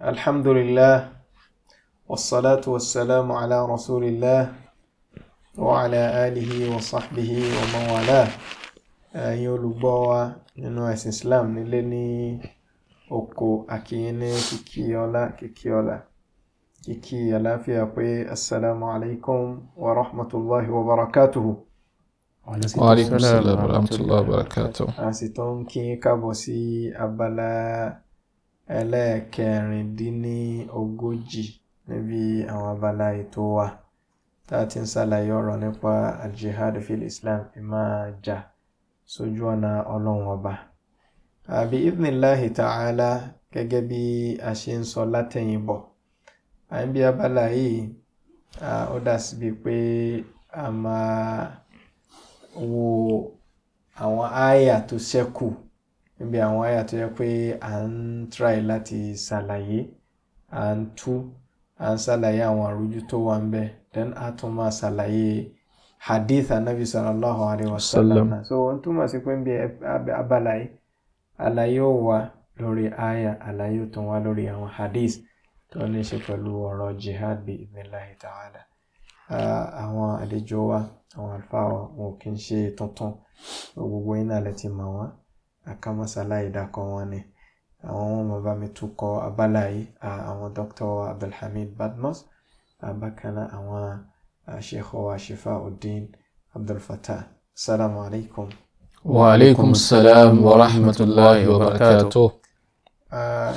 الحمد لله والصلاة والسلام على رسول الله وعلى آله وصحبه ومن والاه يقول بوا ننو اسلام نلني أكو أكيني كيكيولا كيكيولا كيكيولا في أقوي السلام عليكم ورحمة الله وبركاته وعليكم السلام ورحمة الله وبركاته أسيتون كي كابوسي أبلا elekere dị n'ogoji n'ibi ahụ abalaghị t'ụwa taa ti nsala ya ọrọ n'ịkwà aljihadu fil islam ime a ja sojuwa na ọlọ nwọba abi ifnilaghị taala gege bi ase nsọ latịnbọ anyị bi abalaghị a ọdasi be kwe a ma wụọ awon aya to seku níbi àwọn àyà tó yẹ pé à ń try láti ṣàlàyé à ń tú à ń ṣàlàyé àwọn àrújú tó ń bẹ then a tún máa ṣàlàyé hadith anabi sallallahu alayhi wa sallam so n túmọ̀ sí pé níbi abala yìí àlàyé ò wá lórí àyà àlàyé ò tún wá lórí àwọn hadith tó ní ṣe pẹ̀lú ọ̀rọ̀ jihad bi idhnillahi ta'ala àwọn àlejò wa àwọn àlùfáà wa wọn kì í ṣe tuntun gbogbo iná lẹ ti mọ̀ wọ́n akámọ́sálàyé dákọ̀ wọn ni àwọn wọn máa bá mi tún kọ abala yìí àwọn Dr. Abdulhamid Badmus abakana àwọn sheikh wa shifa udin abdulfatah assalamu alaikum. wa alaikum salam wa rahmatulahi wa barakatuh.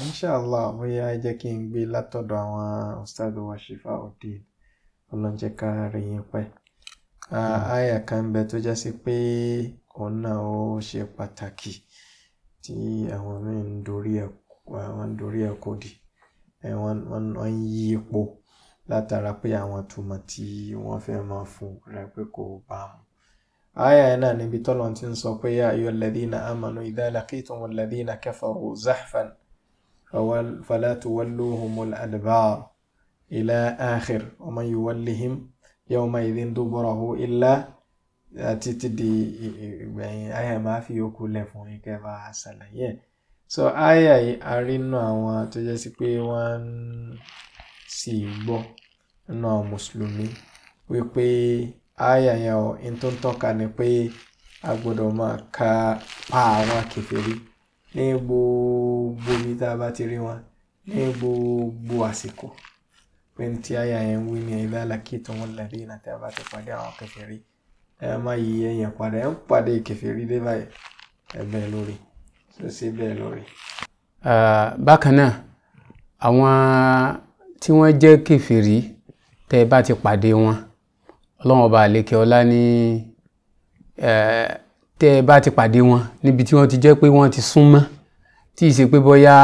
inshallah bóyá ẹ jẹ́ kí n gbé látọ̀dọ̀ àwọn ustaadu wa shifa udin ọlọ́njẹ́ ká yín pẹ́. àyà kan bẹ tó jẹ́ sí pé kan náà ó ṣe pàtàkì tí àwọn míì ń dorí ẹ̀ wọ́n ń dorí ẹ̀ kodì wọ́n ń yí ipò látara pé àwọn túmọ̀ tí wọ́n fẹ́ máa fún rẹ̀ pé kò bá mu. Aya yẹn náà níbi tọ́lọ́ ti ń sọ pé yá ayọ̀ alladhina amanu idha laqitum alladhina kafaru zahfan fala tuwalluhumul adbar ila akhir wa man yuwallihim yawma idhin duburahu illa. Eh, títí di ìgbẹ̀yìn àyà máa fi yòókù lẹ̀ fún yín kẹ́ bá a ṣàlàyé ẹ̀ so àyà yìí a rí nínú àwọn tó jẹ́ sí pé wọ́n ń sì gbọ́ nínú àwọn mùsùlùmí wípé àyà yẹn ò ń tó ń tọ́ka ni pé a gbọ́dọ̀ máa ka pa àwọn kèfèrí ní gbogbo ibi tá a bá ti rí wọn ní gbogbo àsìkò pé ní ti àyà yẹn ń wí ní ìlàlàkì tó ń lẹ̀ bí tí a bá ti pàdé àwọn kèfèrí ẹ máa yí ẹ̀yìn padà ẹ ń pàdé kèfèrí dé báyìí ẹ bẹ́ẹ̀ lórí ṣe ṣe bẹ́ẹ̀ lórí. bákan náà àwọn tí wọ́n jẹ́ kèfèrí tẹ́ ẹ bá ti pàdé wọn ọlọ́wọ́n ọba àlékè ọlá ní tẹ́ ẹ bá ti pàdé wọn níbi tí wọ́n ti jẹ́ pé wọ́n ti súnmọ́ tí ì ṣe pé bóyá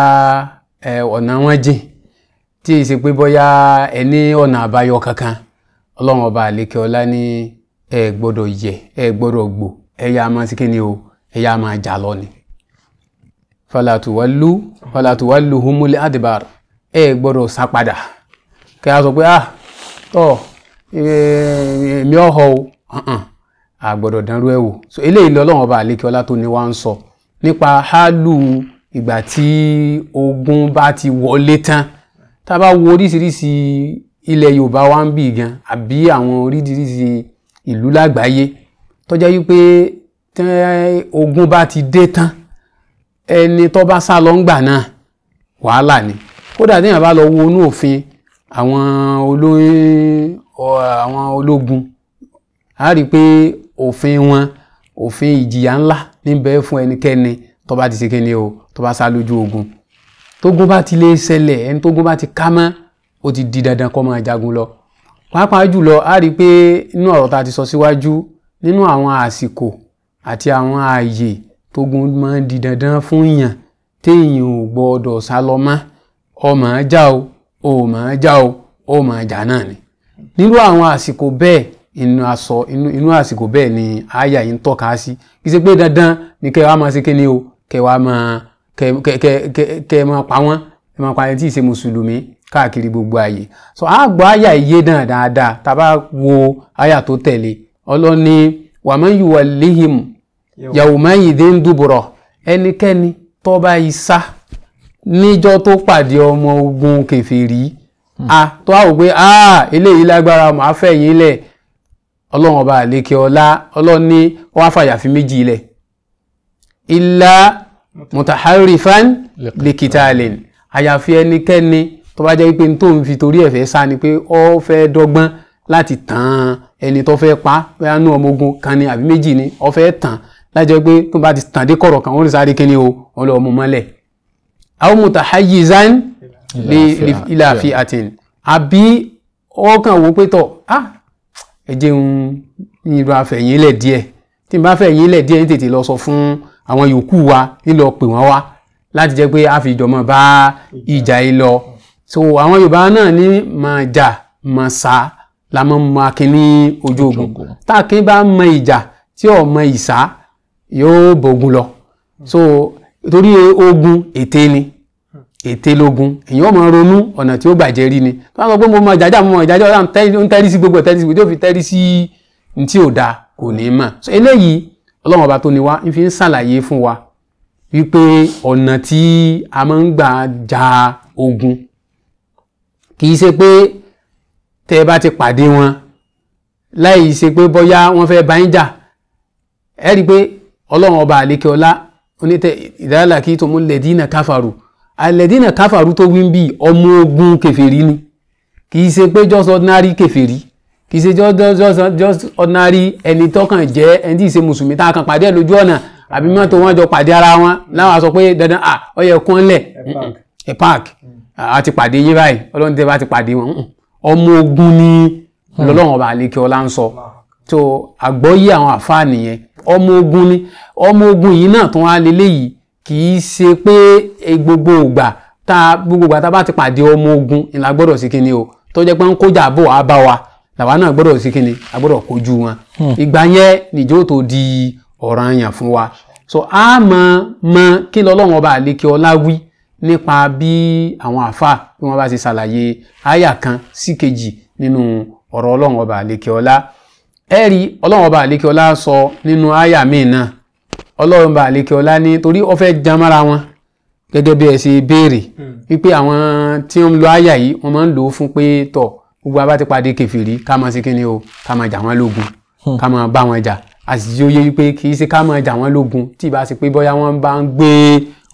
ọ̀nà wọn jìn tí ì ṣe pé bóyá ẹni ọ̀nà àbáyọ kankan ọlọ́run ọba àlékè ọlá ní ẹ gbọ́dọ̀ yẹ ẹ gbọ́dọ̀ gbò ẹ yá máa sí kíni o ẹ yá máa jà lọ ni. falatuwalu falatuwalu humuli adibar ẹ gbọ́dọ̀ sá kí a sọ pé ah tọ èmi ọ̀họ́ o a gbọ́dọ̀ dánrú ẹ̀ wò so eléyìí lọ́lọ́run ọba àlékíọ́lá tó ní wá ń sọ nípa hálù ìgbà tí ogun bá ti wọlé tán tá a bá wo oríṣiríṣi ilẹ̀ yorùbá wa ń bì gan àbí àwọn oríṣiríṣi ìlú lágbàáyé tó jẹ́ wípé tí ogun bá ti dé tán ẹni tó bá sá lọ ń gbà náà wàhálà ni kódà téèyàn bá lọ wo inú òfin àwọn olóyún àwọn ológun a rí i pé òfin wọn òfin ìjìyà ńlá níbẹ̀ fún ẹnikẹ́ni tó bá ti ṣe kíni o tó bá sá lójú ogun tógun bá ti lè ṣẹlẹ̀ ẹni tógun bá ti ká mọ́ ó ti di dandan kó máa jagun lọ pàápàá jùlọ a rí i pé inú ọ̀rọ̀ ta ti sọ síwájú nínú àwọn àsìkò àti àwọn ààyè tógun máa ń di dandan fún èèyàn téèyàn ò gbọ́dọ̀ sá lọ mọ́ ọmọ ajá o ò mọ̀ ọ́n já o ó mọ̀ ọ́n já náà ni nírú àwọn àsìkò bẹ́ẹ̀ inú aṣọ inú àsìkò bẹ́ẹ̀ ni àyà yìí ń tọ́ka sí kì í ṣe pé dandan ni kẹ́ ẹ máa ṣe kíni o kẹ́ ẹ máa kẹ́ ẹ máa pa wọ́n ẹ máa pa ẹni tí ì ṣe mùsùlùmí káàkiri gbogbo ayé so a gbọ́ àyà iye náà dáadáa tá a bá wo àyà tó tẹ̀lé ọlọ́ni wàmọ́ ìwà lihim yawma idhin dubura ẹnikẹ́ni tó bá isá níjọ́ tó pàdé ọmọ ogun kèfèrí a tó a wò pé a eléyìí lágbára mọ́ a fẹ́ yín lẹ̀ ọlọ́run ọba àlékè ọlá ọlọ́ni wọ́n fàyàfi méjì lẹ̀ illa mutaharifan likitalin àyàfi ẹnikẹ́ni tó bá jẹ́ wípé n tó ń fi torí ẹ̀ fẹ́ sá ni pé ọ fẹ́ dọ́gbọ́n láti tàn ẹni tó fẹ́ pa bóyá nú ọmọ ogun kan ni àbí méjì ni ọ fẹ́ tàn lájọ pé tó bá ti tàn dé kọ̀rọ̀ kan wọ́n lè sáré kíni o wọ́n lọ ọmọ mọ́lẹ̀. àwọn mutahayizan ilé àfi àtìn àbí ọkàn wo pé tọ̀ ah ẹ jẹun ìrọ̀ àfẹ̀yìn lẹ̀ díẹ̀ tí n bá fẹ̀yìn lẹ̀ díẹ̀ ní tètè lọ sọ fún àwọn yòókù wa nílò pè wọ́n wá láti jẹ́ pé a fi ìjọmọ̀ so àwọn yorùbá náà ní máa jà máa sá la máa mọ akin ní ojú ogun tá a kin bá mọ ìjà tí ò mọ ìsá yóò bògùn lọ so torí ogun ète ni ète lógun èyàn ò mọ ronú ọ̀nà tí ó gbàjẹ́ rí ni tó bá sọ pé mo mọ ìjàjà mo mọ ìjàjà ọ̀la ń tẹ́rí sí gbogbo tẹ́rí sí gbogbo tí ó fi tẹ́rí sí ní tí ò dáa kò ní mọ̀ so eléyìí ọlọ́run ọba tó ni wá ń fi ń ṣàlàyé fún wa wípé ọ̀nà tí a máa ń gbà ja ogun kì í ṣe pé tẹ ẹ bá ti pàdé wọn láì ṣe pé bóyá wọ́n fẹ́ bá yín jà ẹ rí i pé ọlọ́run ọba àlékè ọlá onítẹ ìdáàlà kí tó mú lẹ́dínà káfàrú àlẹ́dínà káfàrú tó wí ń bì ọmọ ogun kèfèrí ni kì ṣe pé just ordinary kèfèrí kì ṣe just just just ordinary ẹni tọkàn jẹ́ ẹni tí ì ṣe mùsùlùmí tá a kan pàdé ẹ lójú ọ̀nà àbí mọ́tò wọn jọ pàdé ara wọn láwọn sọ pé dandan ah ó yẹ kún lẹ̀ ẹ park a ti pàdé yé báyìí ọlọ́run tẹ́ bá ti pàdé wọn ọmọ ogun ni lọ́lọ́run ọba àlekè ọlá ń sọ tó àgbọ́yé àwọn àfáà nìyẹn ọmọ ogun ni ọmọ ogun yìí náà tó wá leléyìí kì í ṣe pé e, gbogbo ìgbà tá gbogbo ìgbà tá bá ti pàdé ọmọ ogun ni la gbọ́dọ̀ sí kíni o tó jẹ́ pé ń kójà bò á bá wa làwa náà gbọ́dọ̀ sí kíni a gbọ́dọ̀ kojú wọn hmm. ìgbà yẹn nìjó tó di ọ̀ranyàn fún wa so a mọ̀ mọ̀ kí lọ́lọ́run ọba àlekè ọlá wí nípa bí àwọn àfa bí wọ́n bá ti ṣàlàyé àyà kan sí kejì nínú ọ̀rọ̀ ọlọ́run ọba àlekèọlá ẹ rí ọlọ́run ọba àlekèọlá sọ nínú àyà míì náà ọlọ́run ọba àlekèọlá ní torí ó fẹ́ jan mára wọn gẹ́gẹ́ bí ẹ ṣe béèrè hmm. wípé àwọn tí ń lo àyà yìí wọ́n máa ń lò ó fún pé tọ̀ gbogbo abá ti pàdé kẹfìrí ká máa ṣe kíni o ká máa jà wọ́n lógun hmm. ká máa bá wọn jà àṣìṣe oyè wípé kì í ṣe ká máa jà wọ́n lógun tí ì bá ṣe pé bóyá wọ́n bá ń gbé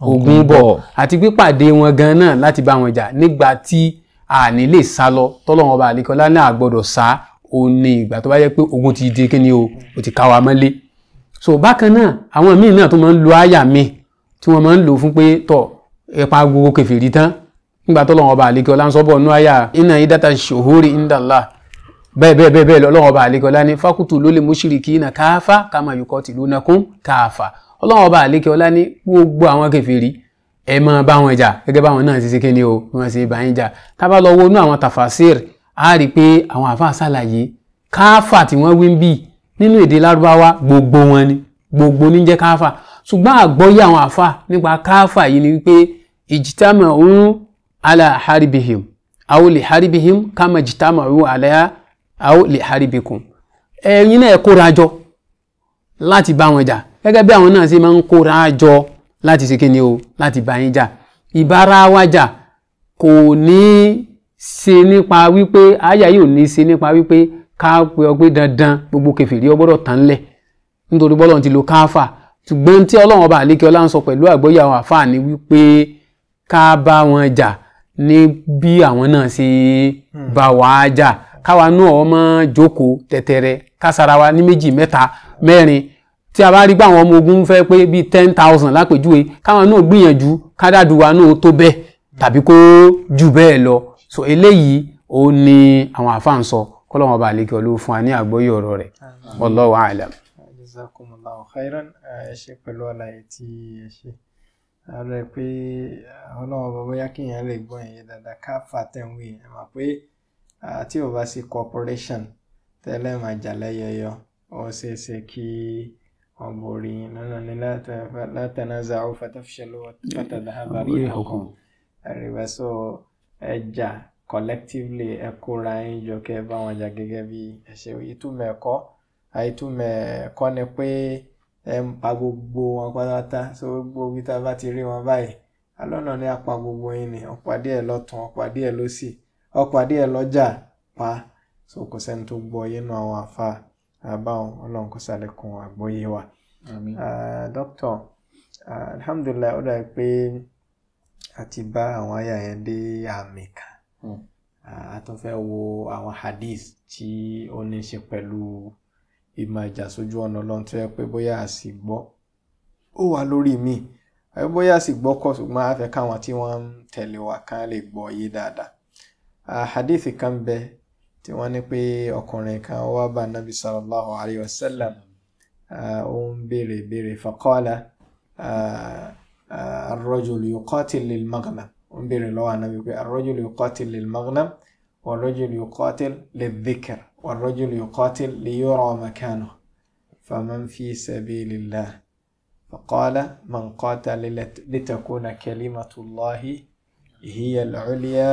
ogun bọ̀ àti pípàdé wọn gan náà láti bá wọn jà nígbà tí àní lè sá lọ tọ́lọ́wọ́n bá àlékọ́lá náà gbọ́dọ̀ sá ó ní ìgbà tó bá yẹ pé ogun ti di kí ni o ó ti ká wa mọ́lé so bákan náà àwọn míì náà tó máa ń lo àyà mi tí wọ́n máa ń lò fún pé tọ̀ ẹ̀pà gbogbo kẹfìrí tán nígbà tọ́lọ́wọ́n bá àlékọ́lá ń sọ́bọ̀ nú àyà iná ìdáta ṣòhórí ìndàlá bẹ́ẹ̀ bẹ́ẹ̀ bẹ́ẹ̀ bẹ́ẹ̀ lọ́lọ́wọ́n bá àlékọ́lá ní fákútù ló lè mú ṣìrìkì náà káfá káàmà yòókọ́ tìlú náà kún káfá ọlọ́run ọba àlékè ọlá ní gbogbo àwọn kèfèrí ẹ máa bá wọn jà gẹ́gẹ́ báwọn náà ti ṣe kí ni o bí wọ́n ṣe bá yín jà tá bá lọ wọnú àwọn tafasir á rí i pé àwọn àfa àṣàlàyé káfà tí wọ́n wí ń bì nínú èdè lárúbáwá gbogbo wọn ni gbogbo ní jẹ́ káfà ṣùgbọ́n àgbọ́yé àwọn àfa nípa káfà yìí ni wípé ìjìtàmọ̀ òun ala haribihim aw li haribihim kama jìtàmọ̀ òun ala aw li haribikum ẹ̀yin náà ẹ kóra jọ láti bá wọn jà gẹ́gẹ́ bí àwọn náà ṣe máa ń kóra jọ láti ṣe kíni o láti bá yín jà ìbára wa jà kò ní ṣe nípa wípé àyà yìí ní ṣe nípa wípé ká pe ọgbẹ́ dandan gbogbo kẹfìrí ọgbọ́dọ̀ tán lẹ̀ nítorí bọ́lọ̀ ti lo káfà ṣùgbọ́n tí ọlọ́run ọba àlékè ọlá ń sọ pẹ̀lú àgbọ́yé àwọn àfáà ni wípé ká bá wọn jà ní bí àwọn náà ṣe hmm. bá wàá jà káwa náà ọmọ jókòó tẹ̀tẹ̀rẹ̀ kásara wa ní méjì mẹ́ta mẹ́rin tí a bá rí pé àwọn ọmọ ogun fẹ́ pé bíi ten thousand lápèjúwe káwọn náà gbìyànjú kádàdúwa náà tó bẹ́ẹ̀ tàbí kó jù bẹ́ẹ̀ lọ so eléyìí ó ní àwọn àfáà ń sọ kọ́lọ́wọ́n bá àlekè olówó fún wa ní àgbọ́yé ọ̀rọ̀ rẹ̀ wallahu a'lam. khairan ẹ ṣe pẹ̀lú àlàyé tí ẹ ṣe ààrẹ pé ọlọ́wọ́n bá bóyá kéèyàn lè gbọ́ yẹn dáadáa ká fàtẹ̀wé ẹ̀ mà pé tí ò bá sí cooperation tẹ́lẹ̀ máa jà lẹ́yọyọ ó ṣeé ṣe kí wọ́n borí lọ́nà ní látànáza fatafshalu fatadhhaba rihukum àríwá so ẹjà collectively ẹ kóra yín jọ kẹ́ bá wọn jà gẹ́gẹ́ bí ẹ ṣe ìtumọ̀ ẹ̀kọ́ àìtumọ̀ ẹ̀kọ́ ni pé ẹ ń pa gbogbo wọn pátápátá so gbogbo ibi tá a bá ti rí wọn báyìí alọ́nà ni a pa gbogbo yín ni ọ̀pàdé ẹ̀ lọ́tún ọ̀pàdé ẹ̀ lọ́sì ọ̀pàdé ẹ̀ lọ́jà pa so kò sẹ́ni tó gbọ́ yín nù àwọn àfa báwọn ọlọ́run kó ṣàlékún àgbọ́yé wa. dókítà alhamdulilayi ó dàbí pé a ti bá àwọn àyà yẹn dé àmì kan hmm. a tún fẹ́ wo àwọn hadith tí ó ní ṣe pẹ̀lú ìmọ̀ ìjà sójú ọ̀nà ọlọ́run tó yẹ pé bóyá a sì gbọ́ ó wà lórí mi àbí bóyá a sì gbọ́ kọ̀ ṣùgbọ́n a fẹ́ káwọn tí wọ́n ń tẹ̀lé wa kán lè gbọ́ yé dáadáa hadith kan bẹ́ẹ̀. tí wọ́n ní pé ọkùnrin kan wá bá nabi sallallahu alayhi wa sallam ó ń béèrè béèrè faqala arrojulu yuqatil lil maghnam ó ń béèrè lọ́wọ́ nabi pé arrojulu yuqatil lil maghnam warrojulu yuqatil lil dhikr warrojulu yuqatil liyura makano faman fi sabilillah faqala man qatala litakuna kalimatu llahi hiya al-ulya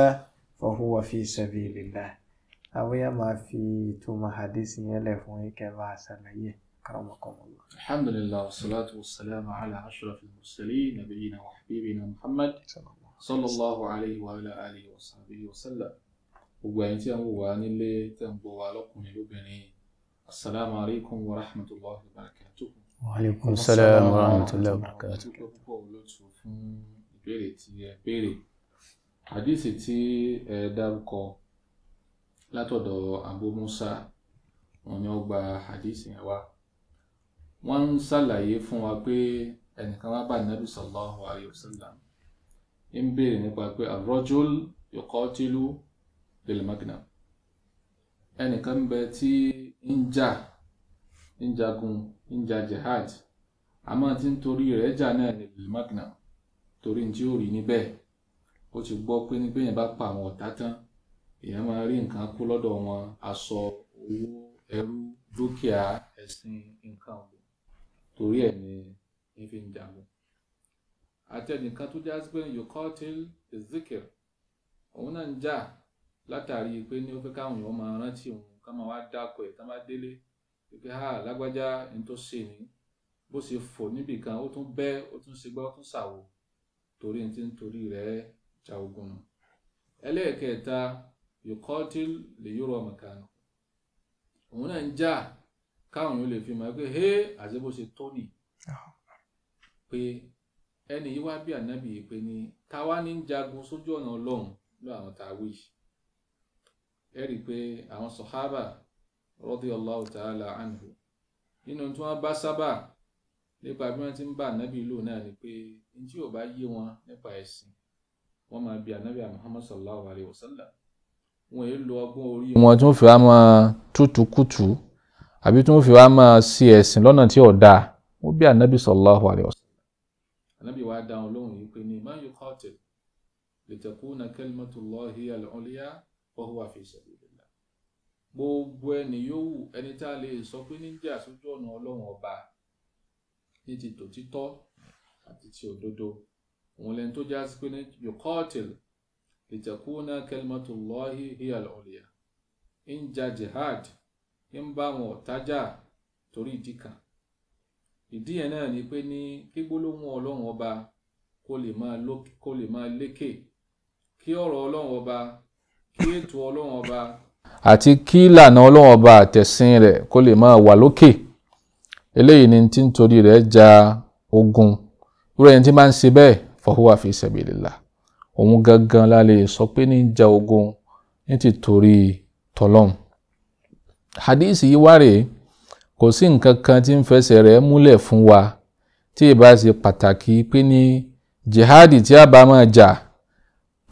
fahuwa fi sabilillah. أبويا ما في توما حديث يلف ويك بعث كرمكم الله الحمد لله والصلاة والسلام على أشرف المرسلين نبينا وحبيبنا محمد صلى الله, عليه وعلى آله وصحبه وسلم وقاين تيامو واني اللي تنبو لكم لبني السلام عليكم ورحمة الله وبركاته وعليكم السلام ورحمة الله وبركاته بيري تي بيري حديثي تي دابكو látọ̀dọ̀ Abu Musa wọn ni wọ́n gba hadith yẹn wá wọ́n ń ṣàlàyé fún wa pé ẹnìkan wá bá nàbì sallallahu alayhi wa sallam ń béèrè nípa pé ar-rajul yuqatilu lil magnam ẹnìkan bẹ tí ń jà ń jagun ń ja jihad àmọ́ tí ń torí rẹ̀ jà náà lil magnam torí tí ó rí níbẹ̀ ó ti gbọ́ pé ní pé yẹn bá pa àwọn ọ̀tá tán èèyàn máa rí nǹkan kó lọ́dọ̀ wọn aṣọ owó ẹrú dúkìá ẹ̀sìn nǹkan ọ̀gbìn torí ẹ̀ ni ní fi ń jagun àti ẹnìkan tó já pé yukotil ezekir òun náà ń jà látàrí pé ní ó fẹ́ káwọn èèyàn máa rántí òun ká máa wá dákọ̀ ẹ̀ ha lágbájá tó ṣe ni bó ṣe fò níbì kan ó tún bẹ́ ó tún ṣe gbọ́ ó tún ṣàwò yuqatil li yura makanu òun náà ń jà káwọn yóò lè fi mọ̀ pé hé àṣebó ṣe tó nì pé ẹni yìí wá bí ànábì yìí pé ní táwa ní ń jagun sójú ọ̀nà ọlọ́run ló àwọn tá a wí ẹ rí i pé àwọn sọ̀hábà radiyallahu ta'ala anhu nínú tí wọ́n bá sábà nípa bí wọ́n ti ń bá ànábì lò náà ni pé ní tí bá yé wọn nípa ẹ̀sìn wọ́n máa bi ànábì Muhammad sallallahu alayhi wọn èyí lo ọgbọ́n orí wọn tí wọ́n fi wá máa tútù kùtù àbí tí wọ́n fi wá máa ṣe ẹ̀sìn lọ́nà tí ò dáa wọ́n bí anabi sallallahu alayhi wa sallam. anabi wa dáhùn lóhùn yìí pé ní má yóò kọ́ ọ̀tẹ̀ litakuna kalimatullahi al-ulya wa huwa fi sabilillah. gbogbo ẹni yòówù ẹni tá a lè sọ pé ní jẹ́ àsójú ọ̀nà ọlọ́run ọba ní ti tòtítọ́ àti ti òdodo òun lẹni tó já pé ní yóò kọ́ ọ̀tẹ̀ litakuna kalimatullahi hiya al-ulya ń ja jihad ń bá wọn ọ̀tájà torí ìdí kan ìdí yẹn náà ni pé ní kígbólóhùn ọlọ́run ọba kó lè máa lókè kó lè máa lékè kí ọ̀rọ̀ ọlọ́run ọba kí ètò ọlọ́run ọba. àti kí ìlànà ọlọ́run ọba àtẹ̀sìn rẹ̀ kó lè máa wà lókè eléyìí ni tí nítorí rẹ̀ ja ogun irú ẹni tí máa ń ṣe bẹ́ẹ̀ fahuwa fi sabilillah òun gangan la lè sọ pé ní ja ogun ní ti torí tọlọ́m hadisi yìí wá rèé kò sí nǹkan kan tí ń fẹsẹ̀ rẹ̀ múlẹ̀ fún wa tí ì bá ṣe pàtàkì pé ní jihadi tí a bá máa jà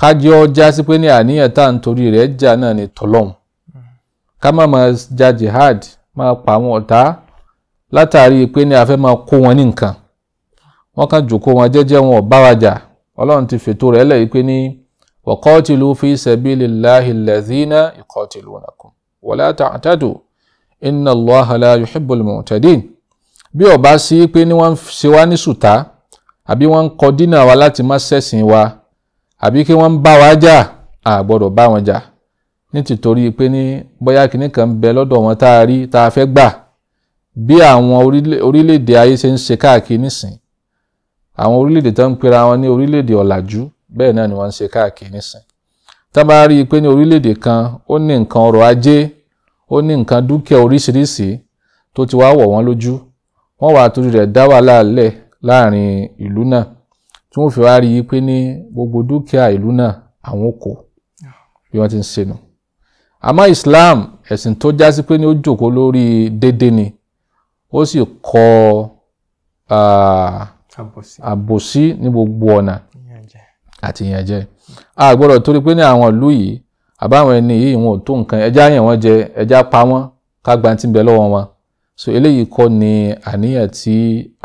kájọ́ já pé ní àníyàn tá à ń torí rẹ̀ jà náà ni tọlọ́m ká má máa ja jihad máa pa àwọn ọ̀tá látàrí pé ní a fẹ́ máa kó wọn ní nǹkan wọ́n kàn jòkó wọn jẹ́jẹ́ wọn ò bá wa jà ọlọ́run ti fètò rẹ̀ lẹ́yìn pé ní waqatilu fi sabilillahi alladhina yuqatilunakum wala ta'tadu inna Allaha la yuhibbul mu'tadin bí ó bá sí pé ní wọ́n ṣe wá ní sùtá àbí wọ́n ń kọ dínà wa láti má ṣẹ̀sìn wa àbí kí wọ́n bá wa jà a bá wọn jà ní tìtorí pé ní bóyá kinní kan bẹ lọ́dọ̀ wọn tá a rí tá a fẹ́ gbà bí àwọn orílẹ̀-èdè ayé ṣe ń ṣe káàkiri nísìn àwọn orílẹ̀-èdè tó ń pera wọn ní orílẹ̀-èdè ọ̀làjú bẹ́ẹ̀ náà ni wọ́n ń ṣe káàkiri nísìn tá a bá rí i pé ní orílẹ̀-èdè kan ó ní nǹkan ọrọ̀ ajé ó ní nǹkan dúkìá oríṣiríṣi tó ti wá wọ̀ wọ́n lójú wọ́n wàá torí rẹ̀ dá wàhálà lẹ̀ láàrin ìlú náà tí wọ́n fi wá rí i pé ní gbogbo dúkìá ìlú náà àwọn ò kò bí wọ́n ti ń ṣe nù àmọ́ Islam ẹ̀sìn tó já sí pé ní ó jòkó lórí déédéé ni ó sì kọ́ àbòsí ní gbogbo ọ̀nà àti ìyànjẹ a gbọ́dọ̀ torí pé ní àwọn ìlú yìí àbáwọn ẹni yìí wọn ò tó nǹkan ẹja yàn wọ́n jẹ ẹja pa wọ́n ká gba bẹ lọ́wọ́ wọn so eléyìí kọ́ ni àníyàn tí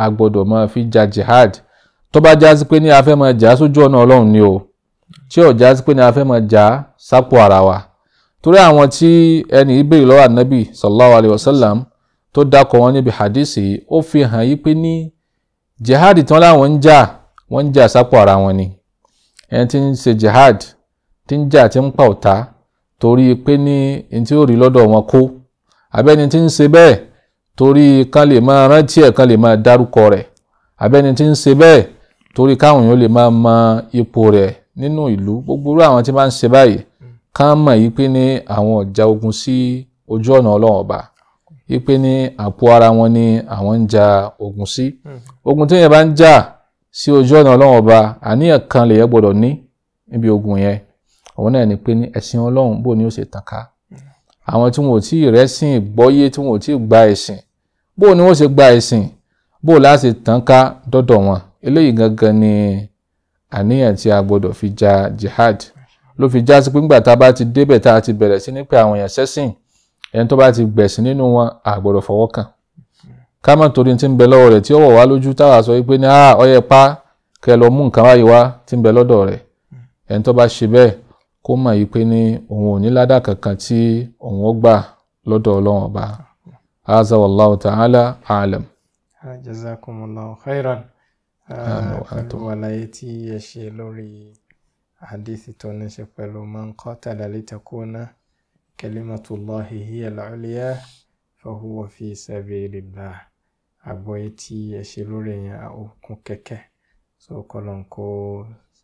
a gbọ́dọ̀ máa fi ja jihad tó bá já sí pé ní a fẹ́ máa jà sójú ọ̀nà ọlọ́run ni o tí ò já sí pé ní a máa jà sápò ara wa torí àwọn tí ẹni ìbéèrè lọ́wọ́ ànábì sallallahu alayhi wa sallam tó dákọ̀ wọn níbi hadisi ó fi hàn yí pé ní jihad tán láwọn ń jà wọ́n ń jà sápò ara wọn ni ẹni tí ń ṣe jihad tí ń jà tí ń pa ọ̀tá torí pé ní n tí ó rí lọ́dọ̀ wọn kó abẹ́ni tí ń ṣe bẹ́ẹ̀ torí kan lè máa rántí ẹ̀ kan lè máa dárúkọ rẹ̀ abẹ́ni tí ń ṣe bẹ́ẹ̀ torí káwọn èèyàn lè máa mọ ipò rẹ̀ nínú ìlú gbogbo irú àwọn tí máa ń ṣe báyìí ká mọ̀ yí pé ní àwọn ọ̀já ogun sí ojú ọ̀nà ọlọ́run ọba wípé ní àpò ara wọn ni àwọn ń ja ogun sí hmm. ogun tí yẹn bá ń jà sí ojú ọ̀nà ọlọ́run ọba àníyàn kan lè yẹ gbọ́dọ̀ ní níbi ogun yẹn òun náà ni pé ní ẹ̀sìn ọlọ́run bò ní ó ṣe tàn ká hmm. àwọn tí wọn ò tí ì rẹ́sìn gbọ́yé tí wọn ò tí ì gba ẹ̀sìn bó ni wọ́n ṣe gba ẹ̀sìn bó láti tàn dọ́dọ̀ wọn eléyìí gangan ni àníyàn tí a gbọ́dọ̀ fi ja jihad ló fi já sí pé nígbà tá a bá ti débẹ̀ tá a ti bẹ̀rẹ̀ sí ní pé àwọn èèyàn ṣẹ̀sìn ẹni tó bá ti gbẹ̀sìn nínú wọn a gbọ́dọ̀ fọwọ́ kàn ká má torí ti ń bẹ lọ́wọ́ rẹ̀ tí ó wọ̀ wá lójú táwa sọ pé ní ah ọyẹ pa kẹ lọ mú nǹkan wáyé wá ti ń bẹ lọ́dọ̀ rẹ̀ ẹni tó bá ṣe bẹ́ẹ̀ kó mọ̀ yìí pé ní òun ò ní ládà kankan tí òun ó gbà lọ́dọ̀ ọlọ́run ọba azza wallahu ta'ala alam. jazakumullahu khairan pẹ̀lú tí ẹ ṣe lórí hadisi tó ní ṣe pẹ̀lú man qatala litakuna. كلمة الله هي العليا فهو في سبيل الله أبويتي tí ẹ ṣe lórí yẹn òkun kẹ̀kẹ́ so kọlọ́n kó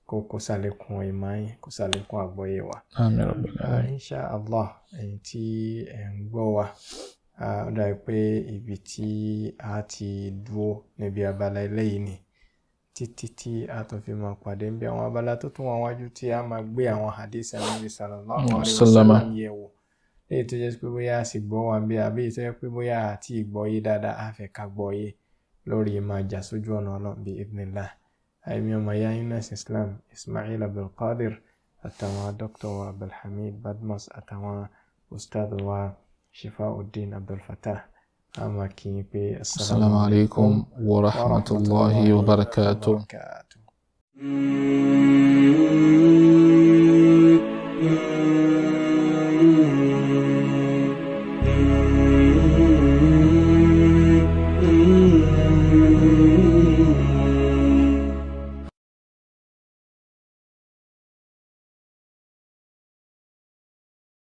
kó kó ṣàlékún ìmọ̀ yín kó ṣàlékún àgbọ́yé wa. àmín Rabbil ah, alamin. insha allah ẹ̀yin tí ẹ̀ ń gbọ́ wa ó dàbí pé ibi tí a ti dúró níbi abala eléyìí ni títí tí a tún fi máa pàdé níbi àwọn abala tó tún wà wájú tí a máa gbé àwọn hadith Ànábì sallallahu alaihi wasallam yẹ̀ léyìí tó jẹ́ pé bóyá si bo ń bẹ àbí èyí tó pé bóyá àti ìgbọ́yé dada á fẹ́ ká gbọ́yé lórí máa jà sójú ọ̀nà bi bíi ibnilá àìmí ọmọ ìyá yunus islam ismail qadir atawa dókítà wa hamid badmas atawa ustad wa shifa uddin shifauddin fatah àmà kì pé assalamu alaikum wa rahmatullahi wa barakatuh. Mm-hmm.